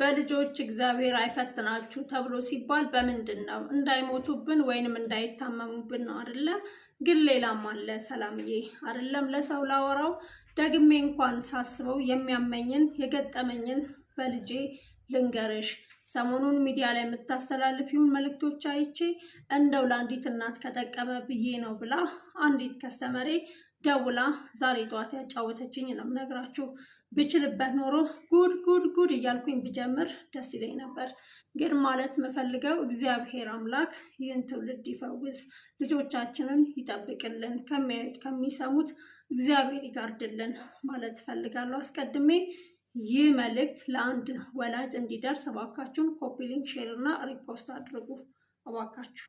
በልጆች እግዚአብሔር አይፈትናችሁ ተብሎ ሲባል በምንድን ነው እንዳይሞቱብን ወይንም እንዳይታመሙብን ነው አደለ? ግን ሌላም አለ ሰላምዬ። አደለም ለሰው ላወራው ደግሜ እንኳን ሳስበው የሚያመኝን የገጠመኝን በልጄ ልንገርሽ ሰሞኑን ሚዲያ ላይ የምታስተላልፊውን መልእክቶች አይቼ እንደው ለአንዲት እናት ከጠቀመ ብዬ ነው ብላ አንዲት ከስተመሬ ደውላ ዛሬ ጠዋት ያጫወተችኝ ነው ነግራችሁ። ብችልበት ኖሮ ጉድ ጉድ ጉድ እያልኩኝ ብጀምር ደስ ይለኝ ነበር። ግን ማለት የምፈልገው እግዚአብሔር አምላክ ይህን ትውልድ ይፈውስ፣ ልጆቻችንን ይጠብቅልን፣ ከሚያዩት ከሚሰሙት እግዚአብሔር ይጋርድልን ማለት እፈልጋለሁ አስቀድሜ ይህ መልእክት ለአንድ ወላጅ እንዲደርስ እባካችሁን ኮፒሊንግ ሼር እና ሪፖስት አድርጉ እባካችሁ።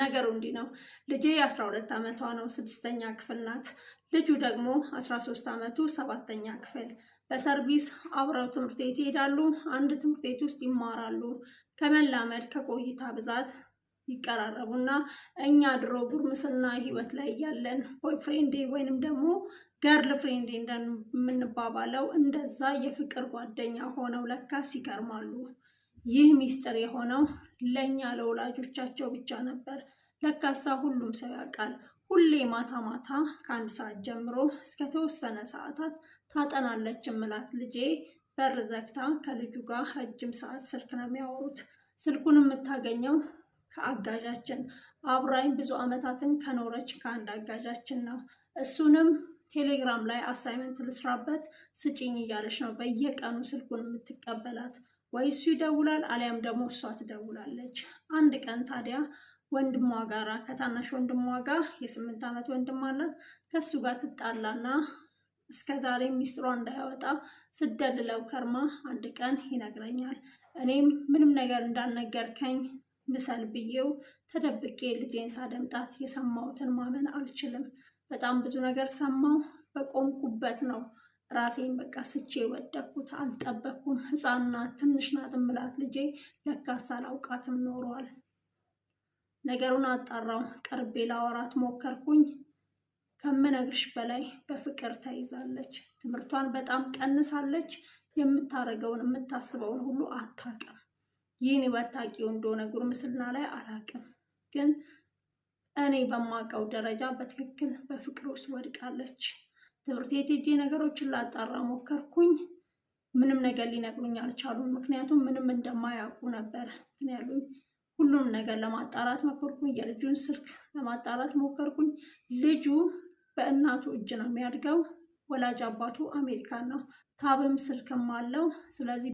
ነገሩ እንዲህ ነው። ልጄ የአስራ ሁለት ዓመቷ ነው፣ ስድስተኛ ክፍል ናት። ልጁ ደግሞ አስራ ሶስት ዓመቱ ሰባተኛ ክፍል። በሰርቪስ አብረው ትምህርት ቤት ይሄዳሉ። አንድ ትምህርት ቤት ውስጥ ይማራሉ። ከመላመድ ከቆይታ ብዛት ይቀራረቡና እኛ ድሮ ጉርምስና ህይወት ላይ እያለን ቦይፍሬንዴ ወይንም ደግሞ ገርል ፍሬንዴ እንደምንባባለው እንደዛ የፍቅር ጓደኛ ሆነው ለካስ ይከርማሉ። ይህ ሚስጥር የሆነው ለእኛ ለወላጆቻቸው ብቻ ነበር። ለካሳ ሁሉም ሰው ያውቃል። ሁሌ ማታ ማታ ከአንድ ሰዓት ጀምሮ እስከ ተወሰነ ሰዓታት ታጠናለች እምላት ልጄ በር ዘግታ ከልጁ ጋር ረጅም ሰዓት ስልክ ነው የሚያወሩት። ስልኩን የምታገኘው ከአጋዣችን አብራኝ ብዙ ዓመታትን ከኖረች ከአንድ አጋዣችን ነው። እሱንም ቴሌግራም ላይ አሳይመንት ልስራበት ስጭኝ እያለች ነው በየቀኑ ስልኩን የምትቀበላት። ወይ እሱ ይደውላል አሊያም ደግሞ እሷ ትደውላለች። አንድ ቀን ታዲያ ወንድሟ ጋር ከታናሽ ወንድሟ ጋር የስምንት ዓመት ወንድም አላት ከእሱ ጋር ትጣላና እስከ ዛሬ ሚስጥሯ እንዳያወጣ ስደልለው ከርማ አንድ ቀን ይነግረኛል። እኔም ምንም ነገር እንዳልነገርከኝ ምሰል ብዬው ተደብቄ ልጄን ሳደምጣት የሰማሁትን ማመን አልችልም። በጣም ብዙ ነገር ሰማሁ። በቆምኩበት ነው ራሴን በቃ ስቼ ወደኩት። አልጠበኩም። ሕፃን ትንሽ ናት እምላት ልጄ ለካስ አላውቃትም ኖሯል። ነገሩን አጣራው፣ ቀርቤ ላወራት ሞከርኩኝ። ከምነግርሽ በላይ በፍቅር ተይዛለች። ትምህርቷን በጣም ቀንሳለች። የምታደርገውን የምታስበውን ሁሉ አታውቅም። ይህን በታቂው እንደሆነ ጉርምስና ላይ አላቅም ግን እኔ በማውቀው ደረጃ በትክክል በፍቅር ውስጥ ወድቃለች። ትምህርት ቤት ሄጄ ነገሮችን ላጣራ ሞከርኩኝ። ምንም ነገር ሊነግሩኝ አልቻሉም። ምክንያቱም ምንም እንደማያውቁ ነበር ያሉኝ። ሁሉንም ነገር ለማጣራት ሞከርኩኝ። የልጁን ስልክ ለማጣራት ሞከርኩኝ። ልጁ በእናቱ እጅ ነው የሚያድገው። ወላጅ አባቱ አሜሪካን ነው። ታብም ስልክም አለው። ስለዚህ